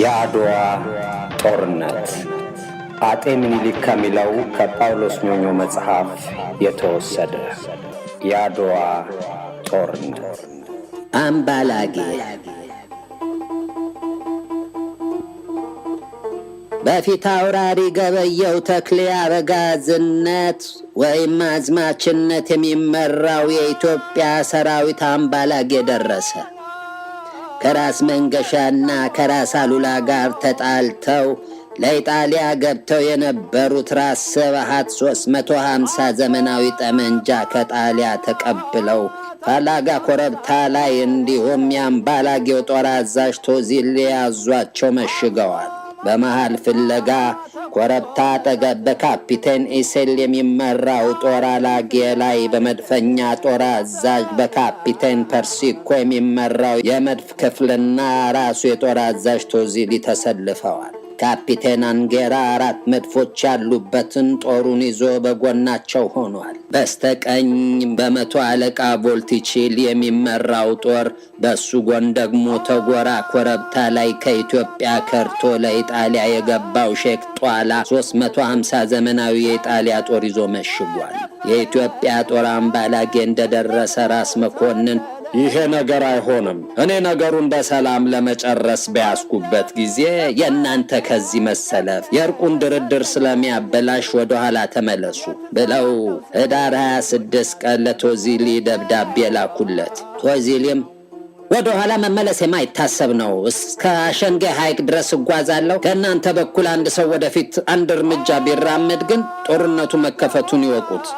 የአድዋ ጦርነት አጤ ምኒልክ ከሚለው ከጳውሎስ ኞኞ መጽሐፍ የተወሰደ። የአድዋ ጦርነት አምባላጌ። በፊት አውራሪ ገበየው ተክሌ አበጋዝነት ወይም አዝማችነት የሚመራው የኢትዮጵያ ሰራዊት አምባላጌ ደረሰ። ከራስ መንገሻና ከራስ አሉላ ጋር ተጣልተው ለኢጣሊያ ገብተው የነበሩት ራስ ሰባሃት 350 ዘመናዊ ጠመንጃ ከጣሊያ ተቀብለው ፋላጋ ኮረብታ ላይ እንዲሁም የአምባላጌው ጦር አዛዥ ቶዚል ያዟቸው መሽገዋል። በመሃል ፍለጋ ኮረብታ አጠገብ በካፒቴን ኢሴል የሚመራው ጦር አላጌ ላይ በመድፈኛ ጦር አዛዥ በካፒቴን ፐርሲኮ የሚመራው የመድፍ ክፍልና ራሱ የጦር አዛዥ ቶዚሊ ተሰልፈዋል። ካፒቴን አንጌራ አራት መድፎች ያሉበትን ጦሩን ይዞ በጎናቸው ሆኗል። በስተቀኝ በመቶ አለቃ ቮልቲቺል የሚመራው ጦር፣ በሱ ጎን ደግሞ ተጎራ ኮረብታ ላይ ከኢትዮጵያ ከርቶ ለኢጣሊያ የገባው ሼክ ጧላ 350 ዘመናዊ የኢጣሊያ ጦር ይዞ መሽጓል። የኢትዮጵያ ጦር አምባላጌ እንደደረሰ ራስ መኮንን ይሄ ነገር አይሆንም። እኔ ነገሩን በሰላም ለመጨረስ በያዝኩበት ጊዜ የእናንተ ከዚህ መሰለፍ የእርቁን ድርድር ስለሚያበላሽ ወደኋላ ተመለሱ ብለው ህዳር 26 ቀን ለቶዚሊ ደብዳቤ ላኩለት። ቶዚሊም ወደ ኋላ መመለስ የማይታሰብ ነው። እስከ አሸንጌ ሐይቅ ድረስ እጓዛለሁ። ከእናንተ በኩል አንድ ሰው ወደፊት አንድ እርምጃ ቢራመድ ግን ጦርነቱ መከፈቱን ይወቁት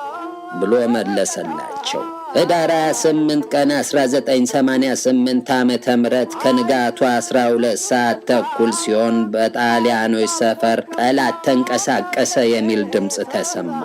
ብሎ መለሰላቸው። በዳራ 28 ቀን 1988 ዓ ም ከንጋቱ 12 ሰዓት ተኩል ሲሆን በጣሊያኖች ሰፈር ጠላት ተንቀሳቀሰ የሚል ድምፅ ተሰማ።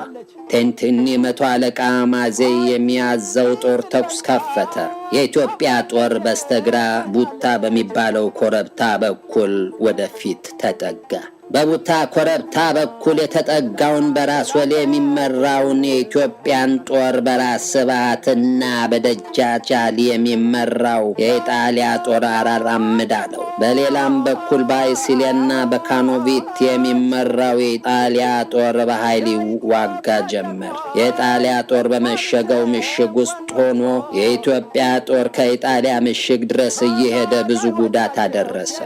ቴንቲኒ መቶ አለቃ ማዜ የሚያዘው ጦር ተኩስ ከፈተ። የኢትዮጵያ ጦር በስተግራ ቡታ በሚባለው ኮረብታ በኩል ወደፊት ተጠጋ። በቡታ ኮረብታ በኩል የተጠጋውን በራስ ወሌ የሚመራውን የኢትዮጵያን ጦር በራስ ስብሃትና በደጃቻል የሚመራው የኢጣሊያ ጦር አራር አለው። በሌላም በኩል በአይሲሌና በካኖቪት የሚመራው የኢጣሊያ ጦር በኃይል ዋጋ ጀመር። የኢጣሊያ ጦር በመሸገው ምሽግ ውስጥ ሆኖ የኢትዮጵያ ጦር ከኢጣሊያ ምሽግ ድረስ እየሄደ ብዙ ጉዳት አደረሰ።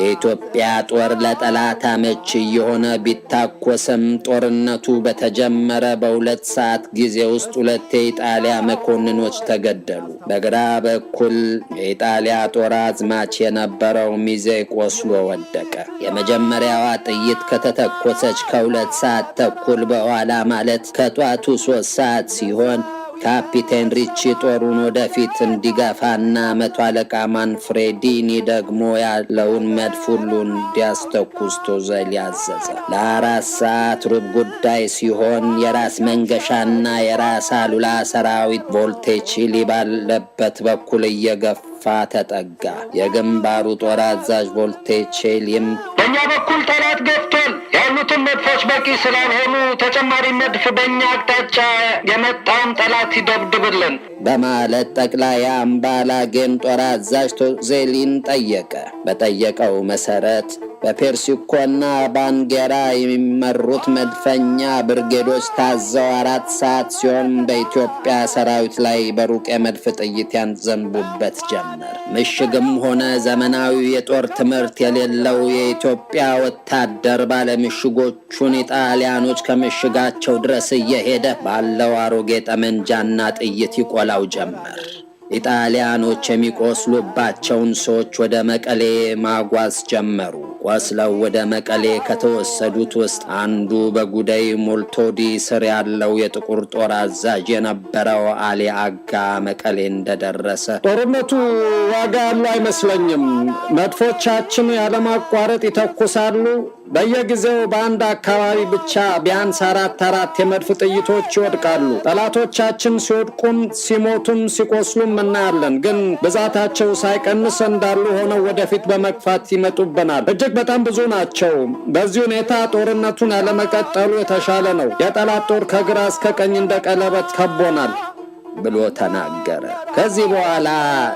የኢትዮጵያ ጦር ለጠላት አመች የሆነ ቢታኮሰም ጦርነቱ በተጀመረ በሁለት ሰዓት ጊዜ ውስጥ ሁለት የኢጣሊያ መኮንኖች ተገደሉ። በግራ በኩል የኢጣሊያ ጦር አዝማች የነበረው ሚዜ ቆስሎ ወደቀ። የመጀመሪያዋ ጥይት ከተተኮሰች ከሁለት ሰዓት ተኩል በኋላ ማለት ከጧቱ ሶስት ሰዓት ሲሆን ካፒቴን ሪቺ ጦሩን ወደፊት እንዲገፋና መቶ አለቃ ማንፍሬዲኒ ደግሞ ያለውን መድፍ ሁሉ እንዲያስተኩስ ቶዘል ያዘዘ። ለአራት ሰዓት ሩብ ጉዳይ ሲሆን የራስ መንገሻና የራስ አሉላ ሰራዊት ቮልቴቺሊ ባለበት በኩል እየገፋ እየገፋ ተጠጋ። የግንባሩ ጦር አዛዥ ቼሊም በእኛ በኩል ጠላት ገብቷል። ያሉትን መድፎች በቂ ስላልሆኑ ተጨማሪ መድፍ በእኛ አቅጣጫ የመጣውን ጠላት ይደብድብልን በማለት ጠቅላይ አምባላጌን ጦር አዛዥ ቶዜሊን ጠየቀ። በጠየቀው መሰረት በፔርሲኮና ባንጌራ የሚመሩት መድፈኛ ብርጌዶች ታዘው አራት ሰዓት ሲሆን በኢትዮጵያ ሰራዊት ላይ በሩቅ የመድፍ ጥይት ያንዘንቡበት ጀመር። ምሽግም ሆነ ዘመናዊ የጦር ትምህርት የሌለው የኢትዮጵያ ወታደር ባለምሽጎቹን ኢጣሊያኖች ከምሽጋቸው ድረስ እየሄደ ባለው አሮጌ ጠመንጃና ጥይት ይቆላው ጀመር። ኢጣሊያኖች የሚቆስሉባቸውን ሰዎች ወደ መቀሌ ማጓዝ ጀመሩ። ቆስለው ወደ መቀሌ ከተወሰዱት ውስጥ አንዱ በጉዳይ ሞልቶዲ ስር ያለው የጥቁር ጦር አዛዥ የነበረው አሊ አጋ መቀሌ እንደደረሰ ጦርነቱ ዋጋ ያለው አይመስለኝም። መድፎቻችን ያለማቋረጥ ይተኩሳሉ። በየጊዜው በአንድ አካባቢ ብቻ ቢያንስ አራት አራት የመድፍ ጥይቶች ይወድቃሉ። ጠላቶቻችን ሲወድቁም ሲሞቱም ሲቆስሉም እናያለን። ግን ብዛታቸው ሳይቀንስ እንዳሉ ሆነው ወደፊት በመግፋት ይመጡብናል። እጅግ በጣም ብዙ ናቸው። በዚህ ሁኔታ ጦርነቱን ያለመቀጠሉ የተሻለ ነው። የጠላት ጦር ከግራ እስከ ቀኝ እንደ ቀለበት ከቦናል። ብሎ ተናገረ። ከዚህ በኋላ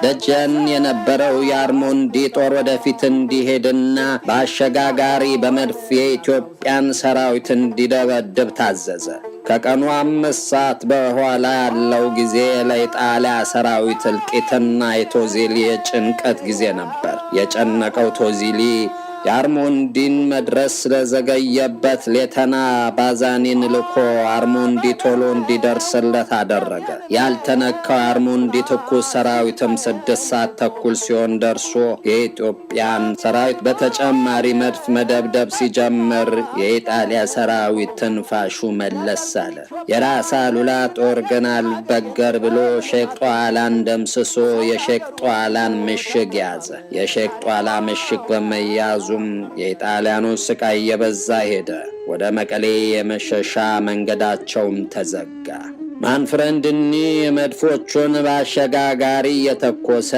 ደጀን የነበረው የአርሞንዲ ጦር ወደፊት እንዲሄድና በአሸጋጋሪ በመድፍ የኢትዮጵያን ሰራዊት እንዲደበድብ ታዘዘ። ከቀኑ አምስት ሰዓት በኋላ ያለው ጊዜ ለኢጣሊያ ሰራዊት እልቂትና የቶዚሊ የጭንቀት ጊዜ ነበር። የጨነቀው ቶዚሊ የአርሞንዲን መድረስ ስለዘገየበት ሌተና ባዛኒን ልኮ አርሞንዲ ቶሎ እንዲደርስለት አደረገ። ያልተነካው የአርሞንዲ ትኩስ ሰራዊትም ስድስት ሰዓት ተኩል ሲሆን ደርሶ የኢትዮጵያን ሰራዊት በተጨማሪ መድፍ መደብደብ ሲጀምር የኢጣሊያ ሰራዊት ትንፋሹ መለስ አለ። የራሳ ሉላ ጦር ግን አልበገር ብሎ ሼክ ጧላን ደምስሶ የሼክ ጧላን ምሽግ ያዘ። የሼክ ጧላ ምሽግ በመያዙ ሲጓዙም የኢጣሊያኑ ስቃይ እየበዛ ሄደ። ወደ መቀሌ የመሸሻ መንገዳቸውም ተዘጋ። ማንፍረንድኒ የመድፎቹን በአሸጋጋሪ እየተኮሰ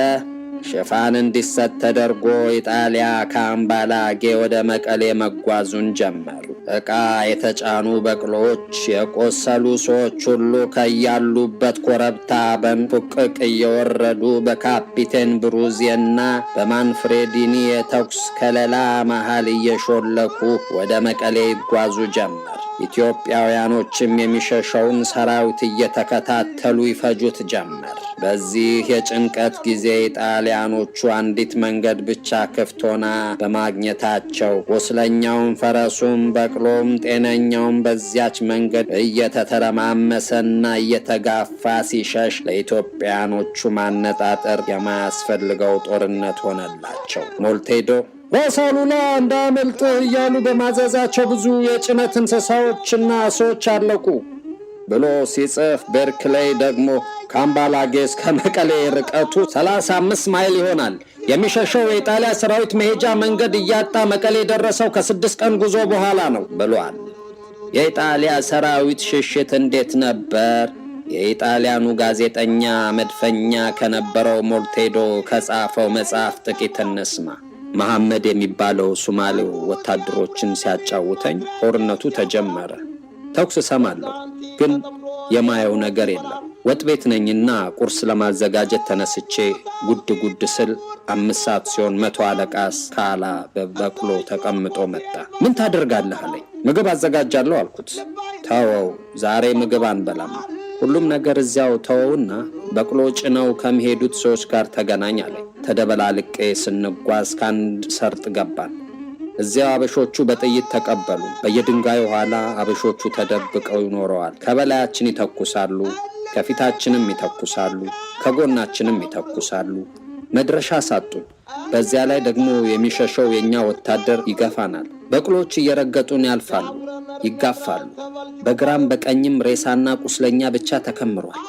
ሽፋን እንዲሰጥ ተደርጎ ኢጣሊያ ከአምባላጌ ወደ መቀሌ መጓዙን ጀመሩ። ዕቃ የተጫኑ በቅሎች የቆሰሉ ሰዎች ሁሉ ከያሉበት ኮረብታ በንፉቅቅ እየወረዱ በካፒቴን ብሩዜና በማንፍሬዲኒ የተኩስ ከለላ መሃል እየሾለኩ ወደ መቀሌ ይጓዙ ጀመር። ኢትዮጵያውያኖችም የሚሸሸውን ሰራዊት እየተከታተሉ ይፈጁት ጀመር። በዚህ የጭንቀት ጊዜ ጣሊያኖቹ አንዲት መንገድ ብቻ ክፍት ሆና በማግኘታቸው ቁስለኛውም፣ ፈረሱም፣ በቅሎም ጤነኛውም በዚያች መንገድ እየተተረማመሰና እየተጋፋ ሲሸሽ ለኢትዮጵያኖቹ ማነጣጠር የማያስፈልገው ጦርነት ሆነላቸው። ሞልቴዶ በሳሉላ እንዳያመልጥ እያሉ በማዘዛቸው ብዙ የጭነት እንስሳዎችና ሰዎች አለቁ ብሎ ሲጽፍ ላይ ደግሞ ካምባላጌ እስከ መቀሌ ርቀቱ 35 ማይል ይሆናል። የሚሸሸው የኢጣሊያ ሰራዊት መሄጃ መንገድ እያጣ መቀሌ የደረሰው ከስድስት ቀን ጉዞ በኋላ ነው ብሏል። የኢጣሊያ ሰራዊት ሽሽት እንዴት ነበር? የኢጣሊያኑ ጋዜጠኛ መድፈኛ ከነበረው ሞልቴዶ ከጻፈው መጽሐፍ ጥቂት እንስማ። መሐመድ የሚባለው ሱማሌው ወታደሮችን ሲያጫውተኝ ጦርነቱ ተጀመረ። ተኩስ እሰማለሁ፣ ግን የማየው ነገር የለም። ወጥ ቤት ነኝና ቁርስ ለማዘጋጀት ተነስቼ ጉድ ጉድ ስል አምስት ሰዓት ሲሆን መቶ አለቃ ስካላ በበቅሎ ተቀምጦ መጣ። ምን ታደርጋለህ አለኝ። ምግብ አዘጋጃለሁ አልኩት። ተወው ዛሬ ምግብ አንበላም ሁሉም ነገር እዚያው ተወውና በቅሎ ጭነው ከሚሄዱት ሰዎች ጋር ተገናኝ አለ። ተደበላልቄ ስንጓዝ ከአንድ ሰርጥ ገባን። እዚያው አበሾቹ በጥይት ተቀበሉ። በየድንጋዩ ኋላ አበሾቹ ተደብቀው ይኖረዋል። ከበላያችን ይተኩሳሉ፣ ከፊታችንም ይተኩሳሉ፣ ከጎናችንም ይተኩሳሉ። መድረሻ ሳጡን። በዚያ ላይ ደግሞ የሚሸሸው የእኛ ወታደር ይገፋናል። በቅሎች እየረገጡን ያልፋሉ። ይጋፋሉ። በግራም በቀኝም ሬሳና ቁስለኛ ብቻ ተከምሯል።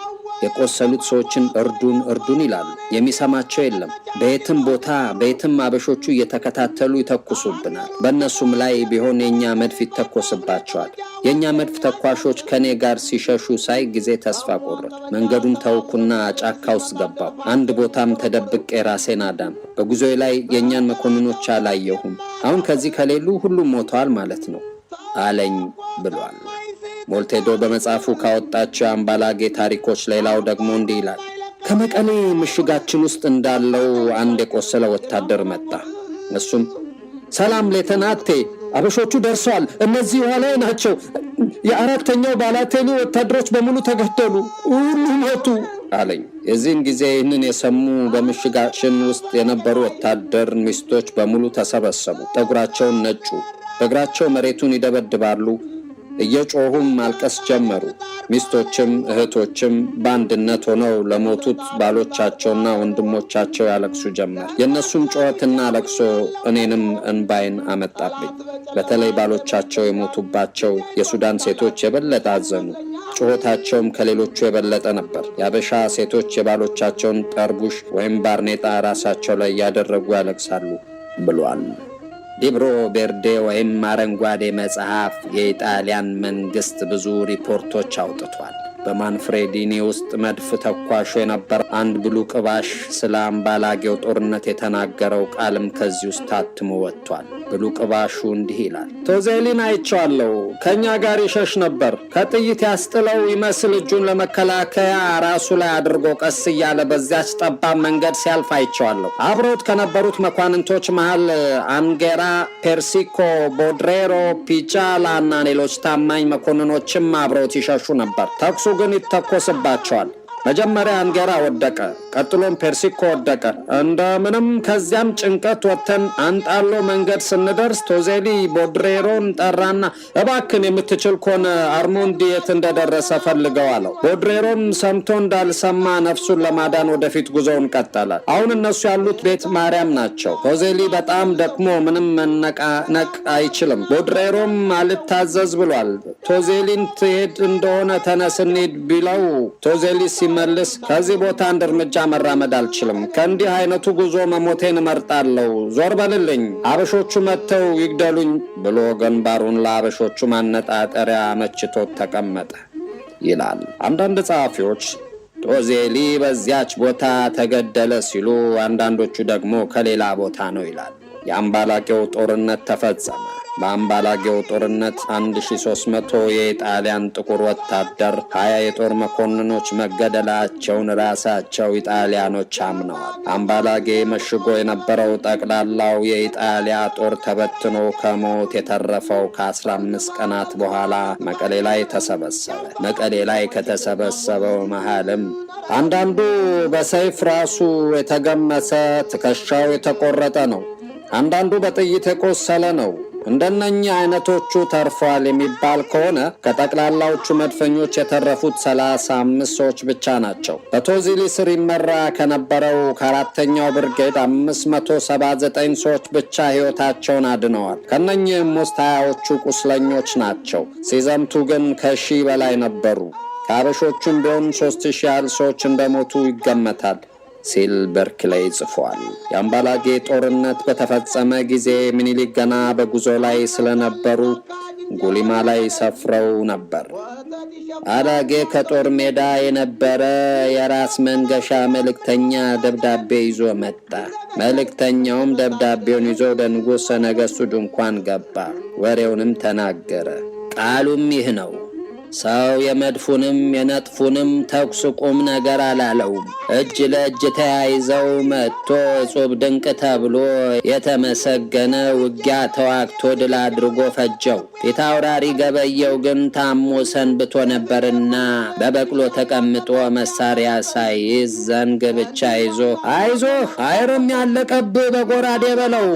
የቆሰሉት ሰዎችን እርዱን እርዱን ይላሉ። የሚሰማቸው የለም። በየትም ቦታ በየትም አበሾቹ እየተከታተሉ ይተኩሱብናል። በእነሱም ላይ ቢሆን የእኛ መድፍ ይተኮስባቸዋል። የእኛ መድፍ ተኳሾች ከእኔ ጋር ሲሸሹ ሳይ ጊዜ ተስፋ ቆረጥ። መንገዱን ተውኩና ጫካ ውስጥ ገባሁ። አንድ ቦታም ተደብቄ ራሴን አዳም። በጉዞዬ ላይ የእኛን መኮንኖች አላየሁም። አሁን ከዚህ ከሌሉ ሁሉም ሞተዋል ማለት ነው። አለኝ ብሏል። ሞልቴዶ በመጽሐፉ ካወጣቸው የአምባላጌ ታሪኮች ሌላው ደግሞ እንዲህ ይላል። ከመቀሌ ምሽጋችን ውስጥ እንዳለው አንድ የቆሰለ ወታደር መጣ። እሱም ሰላም ሌተናቴ፣ አበሾቹ ደርሰዋል። እነዚህ ውሃ ላይ ናቸው። የአራተኛው ባላቴኒ ወታደሮች በሙሉ ተገደሉ፣ ሁሉ ሞቱ አለኝ። የዚህን ጊዜ ይህንን የሰሙ በምሽጋችን ውስጥ የነበሩ ወታደር ሚስቶች በሙሉ ተሰበሰቡ፣ ጠጉራቸውን ነጩ። በእግራቸው መሬቱን ይደበድባሉ። እየጮሁም ማልቀስ ጀመሩ። ሚስቶችም እህቶችም በአንድነት ሆነው ለሞቱት ባሎቻቸውና ወንድሞቻቸው ያለቅሱ ጀመር። የእነሱም ጩኸትና ለቅሶ እኔንም እንባይን አመጣብኝ። በተለይ ባሎቻቸው የሞቱባቸው የሱዳን ሴቶች የበለጠ አዘኑ። ጩኸታቸውም ከሌሎቹ የበለጠ ነበር። የአበሻ ሴቶች የባሎቻቸውን ጠርቡሽ ወይም ባርኔጣ ራሳቸው ላይ እያደረጉ ያለቅሳሉ ብሏል። ሊብሮ ቤርዴ ወይም አረንጓዴ መጽሐፍ የኢጣሊያን መንግሥት ብዙ ሪፖርቶች አውጥቷል። በማንፍሬዲኒ ውስጥ መድፍ ተኳሹ የነበረ አንድ ብሉ ቅባሽ ስለ አምባላጌው ጦርነት የተናገረው ቃልም ከዚህ ውስጥ ታትሞ ወጥቷል። ብሉ ቅባሹ እንዲህ ይላል። ቶዜሊን አይቼዋለሁ። ከእኛ ጋር ይሸሽ ነበር። ከጥይት ያስጥለው ይመስል እጁን ለመከላከያ ራሱ ላይ አድርጎ ቀስ እያለ በዚያች ጠባብ መንገድ ሲያልፍ አይቼዋለሁ። አብሮት ከነበሩት መኳንንቶች መሃል አንጌራ፣ ፔርሲኮ፣ ቦድሬሮ፣ ፒቻላ እና ሌሎች ታማኝ መኮንኖችም አብረውት ይሸሹ ነበር። ተኩሱ ግን ይተኮስባቸዋል። መጀመሪያ አንጌራ ወደቀ፣ ቀጥሎም ፔርሲኮ ወደቀ። እንደምንም ከዚያም ጭንቀት ወጥተን አንጣሎ መንገድ ስንደርስ ቶዜሊ ቦድሬሮን ጠራና እባክን የምትችል ከሆነ አርሞንዲ የት እንደደረሰ ፈልገው አለው። ቦድሬሮም ሰምቶ እንዳልሰማ ነፍሱን ለማዳን ወደፊት ጉዞውን ቀጠለ። አሁን እነሱ ያሉት ቤት ማርያም ናቸው። ቶዜሊ በጣም ደክሞ ምንም መነቃነቅ አይችልም። ቦድሬሮም አልታዘዝ ብሏል። ቶዜሊን ትሄድ እንደሆነ ተነስ እንሂድ ቢለው ቶዜሊ ሳልመልስ ከዚህ ቦታ አንድ እርምጃ መራመድ አልችልም። ከእንዲህ አይነቱ ጉዞ መሞቴን እመርጣለሁ። ዞር በልልኝ፣ አበሾቹ መጥተው ይግደሉኝ ብሎ ግንባሩን ለአበሾቹ ማነጣጠሪያ መችቶት ተቀመጠ ይላል። አንዳንድ ጸሐፊዎች ቶዜሊ በዚያች ቦታ ተገደለ ሲሉ፣ አንዳንዶቹ ደግሞ ከሌላ ቦታ ነው ይላል። የአምባላቂው ጦርነት ተፈጸመ። በአምባላጌው ጦርነት 1300 የኢጣሊያን ጥቁር ወታደር፣ 20 የጦር መኮንኖች መገደላቸውን ራሳቸው ኢጣሊያኖች አምነዋል። አምባላጌ መሽጎ የነበረው ጠቅላላው የኢጣሊያ ጦር ተበትኖ ከሞት የተረፈው ከ15 ቀናት በኋላ መቀሌ ላይ ተሰበሰበ። መቀሌ ላይ ከተሰበሰበው መሃልም አንዳንዱ በሰይፍ ራሱ የተገመሰ ትከሻው የተቆረጠ ነው። አንዳንዱ በጥይት የቆሰለ ነው። እንደነኚህ አይነቶቹ ተርፏል የሚባል ከሆነ ከጠቅላላዎቹ መድፈኞች የተረፉት ሰላሳ ሰዎች ብቻ ናቸው። በቶዚሊ ስር ይመራ ከነበረው ከአራተኛው ብርጌድ 579 ሰዎች ብቻ ሕይወታቸውን አድነዋል። ከነኚህም ውስጥ ሀያዎቹ ቁስለኞች ናቸው። ሲዘምቱ ግን ከሺህ በላይ ነበሩ። ከአበሾቹም ቢሆን ሦስት ሺህ ያህል ሰዎች እንደሞቱ ይገመታል። ሲል ላይ ጽፏል። የአምባላጌ ጦርነት በተፈጸመ ጊዜ ምኒልክ ገና በጉዞ ላይ ስለነበሩ ጉሊማ ላይ ሰፍረው ነበር። አላጌ ከጦር ሜዳ የነበረ የራስ መንገሻ መልእክተኛ ደብዳቤ ይዞ መጣ። መልእክተኛውም ደብዳቤውን ይዞ ወደ ንጉሠ ነገሥቱ ድንኳን ገባ። ወሬውንም ተናገረ። ቃሉም ይህ ነው። ሰው የመድፉንም የነጥፉንም ተኩስ ቁም ነገር አላለውም። እጅ ለእጅ ተያይዘው መጥቶ እጹብ ድንቅ ተብሎ የተመሰገነ ውጊያ ተዋግቶ ድል አድርጎ ፈጀው። ፊት አውራሪ ገበየው ግን ታሞ ሰንብቶ ነበርና በበቅሎ ተቀምጦ መሳሪያ ሳይዝ ዘንግ ብቻ ይዞ አይዞህ አይርም ያለቀብ በጎራዴ በለው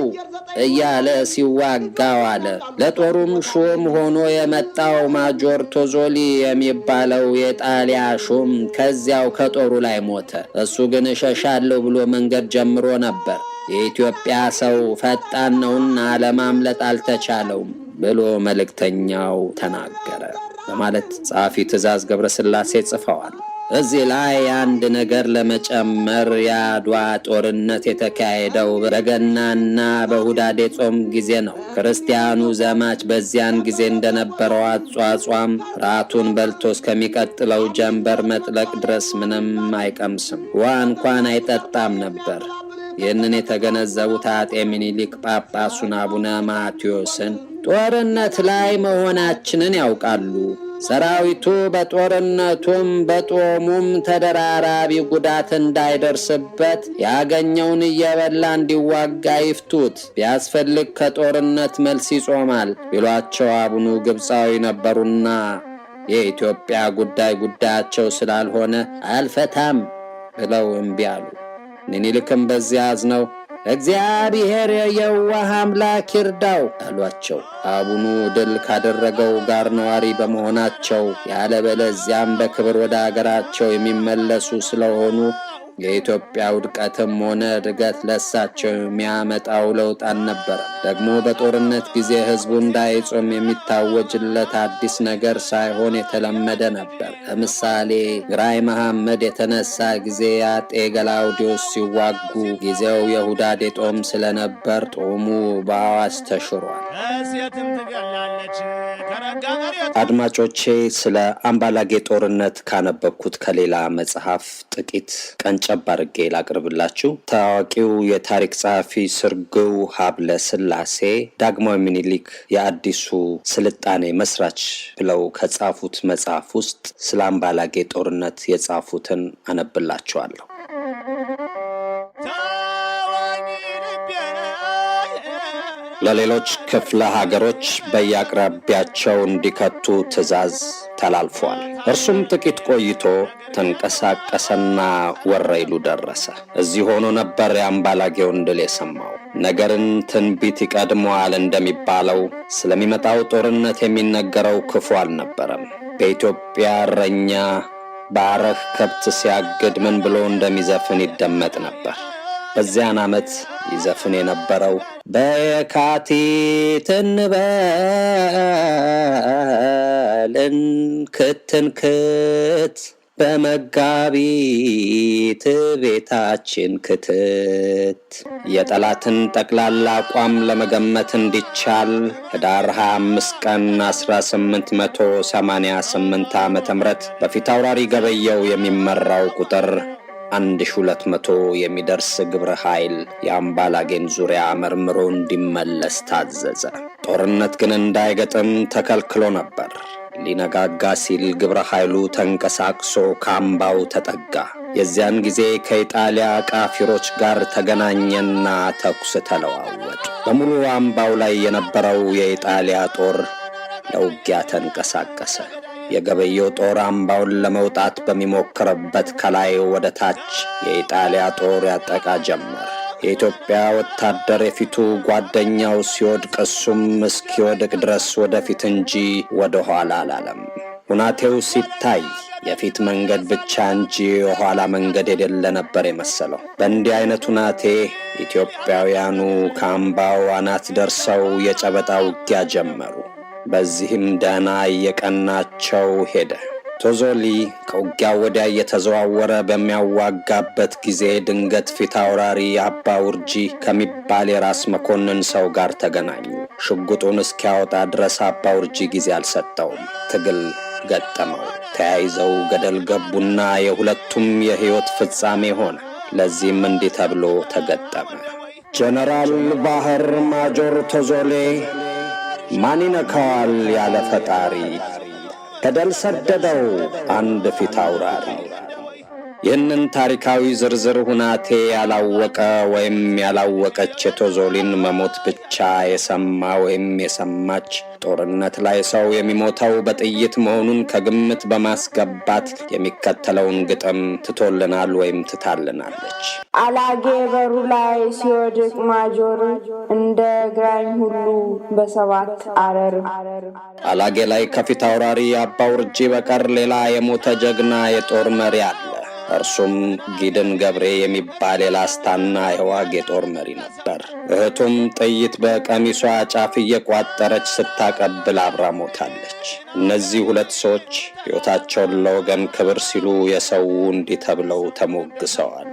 እያለ ሲዋጋው አለ። ለጦሩም ሹም ሆኖ የመጣው ማጆር ቶዞ ሮሊ የሚባለው የጣሊያ ሹም ከዚያው ከጦሩ ላይ ሞተ። እሱ ግን እሸሻለሁ ብሎ መንገድ ጀምሮ ነበር። የኢትዮጵያ ሰው ፈጣን ነውና ለማምለጥ አልተቻለውም ብሎ መልእክተኛው ተናገረ በማለት ጸሐፊ ትእዛዝ ገብረስላሴ ጽፈዋል። እዚህ ላይ አንድ ነገር ለመጨመር የአድዋ ጦርነት የተካሄደው በገናና በሁዳዴ ጾም ጊዜ ነው። ክርስቲያኑ ዘማች በዚያን ጊዜ እንደነበረው አጿጿም ራቱን በልቶ እስከሚቀጥለው ጀንበር መጥለቅ ድረስ ምንም አይቀምስም፣ ውሃ እንኳን አይጠጣም ነበር። ይህንን የተገነዘቡት አጤ ምኒልክ ጳጳሱን አቡነ ማቴዎስን ጦርነት ላይ መሆናችንን ያውቃሉ ሰራዊቱ በጦርነቱም በጦሙም ተደራራቢ ጉዳት እንዳይደርስበት ያገኘውን እየበላ እንዲዋጋ ይፍቱት፣ ቢያስፈልግ ከጦርነት መልስ ይጾማል ቢሏቸው አቡኑ ግብፃዊ ነበሩና የኢትዮጵያ ጉዳይ ጉዳያቸው ስላልሆነ አልፈታም ብለው እምቢ አሉ። ምኒልክም በዚያ አዝነው እግዚአብሔር የየዋህ አምላክ ይርዳው አሏቸው። አቡኑ ድል ካደረገው ጋር ነዋሪ በመሆናቸው ያለበለዚያም በክብር ወደ አገራቸው የሚመለሱ ስለሆኑ የኢትዮጵያ ውድቀትም ሆነ እድገት ለሳቸው የሚያመጣው ለውጥ አልነበረም። ደግሞ በጦርነት ጊዜ ህዝቡ እንዳይጾም የሚታወጅለት አዲስ ነገር ሳይሆን የተለመደ ነበር። ለምሳሌ ግራይ መሐመድ የተነሳ ጊዜ አጤ ገላውዲዮስ ሲዋጉ ጊዜው የሁዳዴ ጦም ስለነበር ጦሙ በአዋጅ ተሽሯል። አድማጮቼ ስለ አምባላጌ ጦርነት ካነበብኩት ከሌላ መጽሐፍ ጥቂት ቀንጭ ጨባ አድርጌ ላቅርብላችሁ። ታዋቂው የታሪክ ጸሐፊ ስርግው ሀብለ ስላሴ ዳግማዊ ምኒልክ የአዲሱ ስልጣኔ መስራች ብለው ከጻፉት መጽሐፍ ውስጥ ስለ አምባላጌ ጦርነት የጻፉትን አነብላችኋለሁ። ለሌሎች ክፍለ ሀገሮች በየአቅራቢያቸው እንዲከቱ ትዕዛዝ ተላልፏል። እርሱም ጥቂት ቆይቶ ተንቀሳቀሰና ወረይሉ ደረሰ። እዚህ ሆኖ ነበር የአምባላጌውን ድል የሰማው። ነገርን ትንቢት ይቀድመዋል እንደሚባለው ስለሚመጣው ጦርነት የሚነገረው ክፉ አልነበረም። በኢትዮጵያ እረኛ በአረህ ከብት ሲያግድ ምን ብሎ እንደሚዘፍን ይደመጥ ነበር። በዚያን ዓመት ይዘፍን የነበረው በየካቲት እንበል ክትንክት በመጋቢት ቤታችን ክትት የጠላትን ጠቅላላ አቋም ለመገመት እንዲቻል ህዳር 25 ቀን 1888 ዓ ም በፊት አውራሪ ገበየው የሚመራው ቁጥር 1200 የሚደርስ ግብረ ኃይል የአምባላጌን ዙሪያ መርምሮ እንዲመለስ ታዘዘ። ጦርነት ግን እንዳይገጥም ተከልክሎ ነበር። ሊነጋጋ ሲል ግብረ ኃይሉ ተንቀሳቅሶ ከአምባው ተጠጋ። የዚያን ጊዜ ከኢጣሊያ ቃፊሮች ጋር ተገናኘና ተኩስ ተለዋወጡ። በሙሉ አምባው ላይ የነበረው የኢጣሊያ ጦር ለውጊያ ተንቀሳቀሰ። የገበየው ጦር አምባውን ለመውጣት በሚሞክርበት ከላይ ወደ ታች የኢጣሊያ ጦር ያጠቃ ጀመር። የኢትዮጵያ ወታደር የፊቱ ጓደኛው ሲወድቅ እሱም እስኪወድቅ ድረስ ወደፊት እንጂ ወደ ኋላ አላለም። ሁናቴው ሲታይ የፊት መንገድ ብቻ እንጂ የኋላ መንገድ የሌለ ነበር የመሰለው። በእንዲህ አይነት ሁናቴ ኢትዮጵያውያኑ ከአምባው አናት ደርሰው የጨበጣ ውጊያ ጀመሩ። በዚህም ደህና እየቀናቸው ሄደ። ቶዞሊ ከውጊያ ወዲያ እየተዘዋወረ በሚያዋጋበት ጊዜ ድንገት ፊት አውራሪ አባ ውርጂ ከሚባል የራስ መኮንን ሰው ጋር ተገናኙ። ሽጉጡን እስኪያወጣ ድረስ አባ ውርጂ ጊዜ አልሰጠውም። ትግል ገጠመው። ተያይዘው ገደል ገቡና የሁለቱም የሕይወት ፍጻሜ ሆነ። ለዚህም እንዲህ ተብሎ ተገጠመ። ጀነራል ባህር ማጆር ቶዞሌ ማን ይነካዋል ያለ ፈጣሪ ከደም ሰደደው አንድ ፊት አውራሪ ይህንን ታሪካዊ ዝርዝር ሁናቴ ያላወቀ ወይም ያላወቀች የቶዞሊን መሞት ብቻ የሰማ ወይም የሰማች ጦርነት ላይ ሰው የሚሞተው በጥይት መሆኑን ከግምት በማስገባት የሚከተለውን ግጥም ትቶልናል ወይም ትታልናለች። አላጌ በሩ ላይ ሲወድቅ ማጆር እንደ ግራኝ ሁሉ በሰባት አረር አላጌ ላይ ከፊት አውራሪ አባ በቀር ሌላ የሞተ ጀግና የጦር መሪ አለ። እርሱም ጊድን ገብሬ የሚባል የላስታና የዋግ የጦር መሪ ነበር። እህቱም ጥይት በቀሚሷ ጫፍ እየቋጠረች ስታቀብል አብራ ሞታለች። እነዚህ ሁለት ሰዎች ሕይወታቸውን ለወገን ክብር ሲሉ የሰው እንዲህ ተብለው ተሞግሰዋል።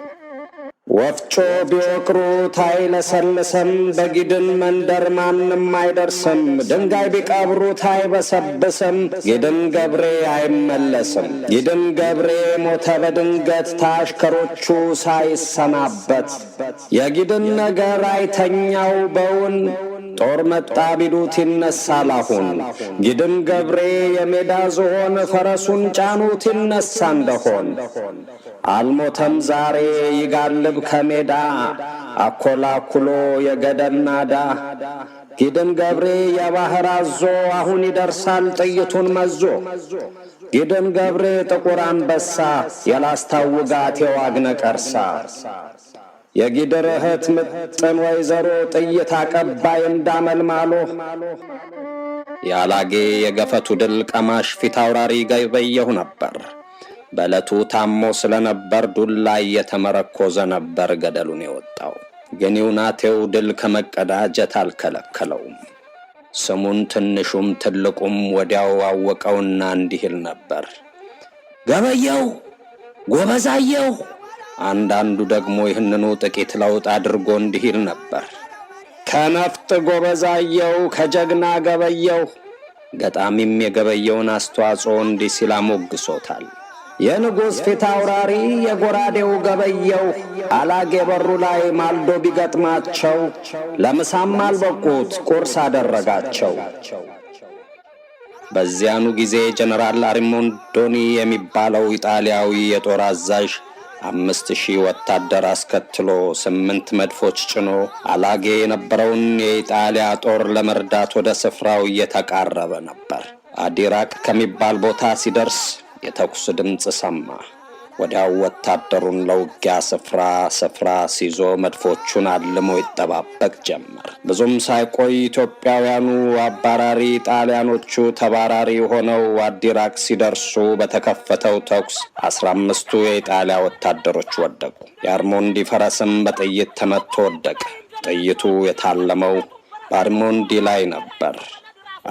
ወፍጮ ቢወቅሩት አይለሰልሰም፣ በጊድን መንደር ማንም አይደርስም። ድንጋይ ቢቀብሩት አይበሰብስም፣ ጊድን ገብሬ አይመለስም። ጊድን ገብሬ ሞተ በድንገት ታሽከሮቹ ሳይሰናበት። የጊድን ነገር አይተኛው በውን ጦር መጣ ቢሉት ይነሳል አሁን ግድም ገብሬ የሜዳ ዝሆን ፈረሱን ጫኑት ይነሳ እንደሆን አልሞተም ዛሬ ይጋልብ ከሜዳ አኮላኩሎ የገደል ናዳ ግድም ገብሬ የባህር አዞ አሁን ይደርሳል ጥይቱን መዞ ግድም ገብሬ ጥቁር አንበሳ የላስታውጋት የዋግነ ነቀርሳ የጊደር እህት ምጥን ወይዘሮ ጥይት አቀባይ እንዳመልማሎ የአላጌ የገፈቱ ድል ቀማሽ ፊት አውራሪ ገበየሁ ነበር። በዕለቱ ታሞ ስለነበር ዱላ እየተመረኮዘ ነበር ገደሉን የወጣው። ግን ይውናቴው ድል ከመቀዳጀት አልከለከለውም። ስሙን ትንሹም ትልቁም ወዲያው አወቀውና እንዲህ ይል ነበር ገበየው ጎበዛየው አንዳንዱ ደግሞ ይህንኑ ጥቂት ለውጥ አድርጎ እንዲህ ይል ነበር። ከነፍጥ ጎበዛየው፣ ከጀግና ገበየው። ገጣሚም የገበየውን አስተዋጽኦ እንዲህ ሲል አሞግሶታል። የንጉሥ ፊት አውራሪ የጎራዴው ገበየው አላጌ በሩ ላይ ማልዶ ቢገጥማቸው ለምሳም አልበቁት ቁርስ አደረጋቸው። በዚያኑ ጊዜ ጀነራል አሪሞንዶኒ የሚባለው ኢጣሊያዊ የጦር አዛዥ አምስት ሺህ ወታደር አስከትሎ ስምንት መድፎች ጭኖ አላጌ የነበረውን የኢጣሊያ ጦር ለመርዳት ወደ ስፍራው እየተቃረበ ነበር። አዲራቅ ከሚባል ቦታ ሲደርስ የተኩስ ድምፅ ሰማ። ወዲያው ወታደሩን ለውጊያ ስፍራ ስፍራ ሲዞ መድፎቹን አልሞ ይጠባበቅ ጀመር። ብዙም ሳይቆይ ኢትዮጵያውያኑ አባራሪ ጣሊያኖቹ ተባራሪ ሆነው አዲራቅ ሲደርሱ በተከፈተው ተኩስ አስራ አምስቱ የኢጣሊያ ወታደሮች ወደቁ። የአርሞንዲ ፈረስም በጥይት ተመቶ ወደቀ። ጥይቱ የታለመው በአርሞንዲ ላይ ነበር።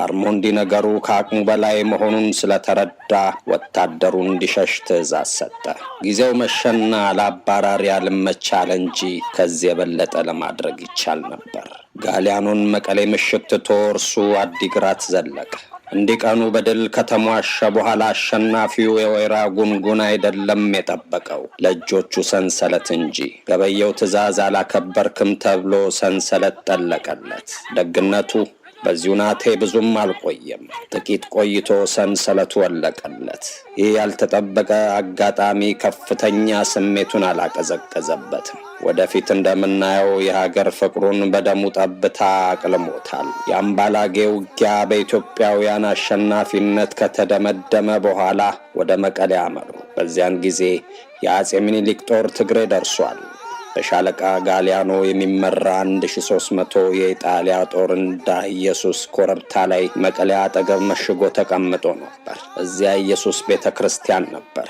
አርሞንዲ ነገሩ ከአቅሙ በላይ መሆኑን ስለተረዳ ወታደሩ እንዲሸሽ ትዕዛዝ ሰጠ። ጊዜው መሸና ለአባራሪ ያልመቻለ እንጂ ከዚህ የበለጠ ለማድረግ ይቻል ነበር። ጋሊያኑን መቀሌ ምሽግ ትቶ እርሱ አዲግራት ዘለቀ። እንዲቀኑ በድል ከተሟሸ በኋላ አሸናፊው የወይራ ጉንጉን አይደለም የጠበቀው ለእጆቹ ሰንሰለት እንጂ። ገበየው ትዕዛዝ አላከበርክም ተብሎ ሰንሰለት ጠለቀለት። ደግነቱ በዚሁ ናቴ ብዙም አልቆየም። ጥቂት ቆይቶ ሰንሰለቱ ወለቀለት። ይህ ያልተጠበቀ አጋጣሚ ከፍተኛ ስሜቱን አላቀዘቀዘበትም። ወደፊት እንደምናየው የሀገር ፍቅሩን በደሙ ጠብታ አቅልሞታል። የአምባላጌ ውጊያ በኢትዮጵያውያን አሸናፊነት ከተደመደመ በኋላ ወደ መቀሌ አመሩ። በዚያን ጊዜ የአጼ ምኒልክ ጦር ትግሬ ደርሷል። በሻለቃ ጋሊያኖ የሚመራ 1300 የኢጣሊያ ጦር እንዳ ኢየሱስ ኮረብታ ላይ መቀለያ አጠገብ መሽጎ ተቀምጦ ነበር። እዚያ ኢየሱስ ቤተ ክርስቲያን ነበር።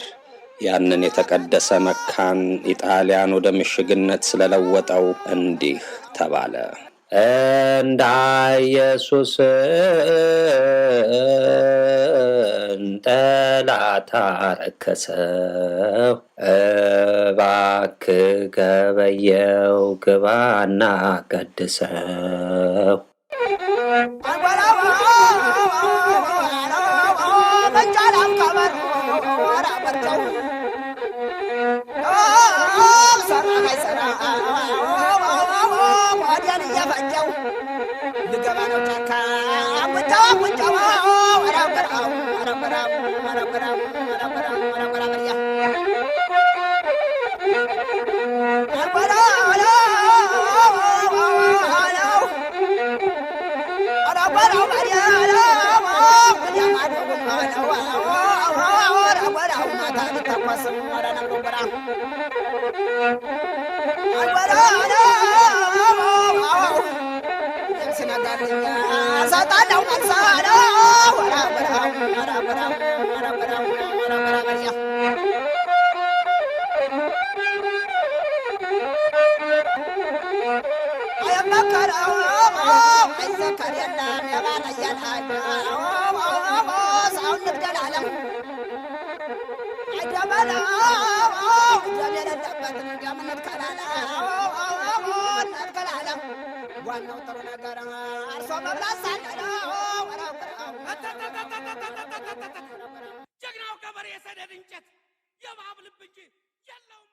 ያንን የተቀደሰ መካን ኢጣሊያን ወደ ምሽግነት ስለለወጠው እንዲህ ተባለ። እንደ ኢየሱስ ጠላታ ረከሰው እባክ ገበየው ግባና ቀድሰው I'm gonna go get some more and I'm gonna go get some more. I'm gonna go get some more. Oh, oh, oh, oh, ዋናው ጥሩ ነገር አርሶ መብላት ሳለ ጀግናው ገበሬ የሰደድ እንጨት የማብ ልብ እንጂ የለውም።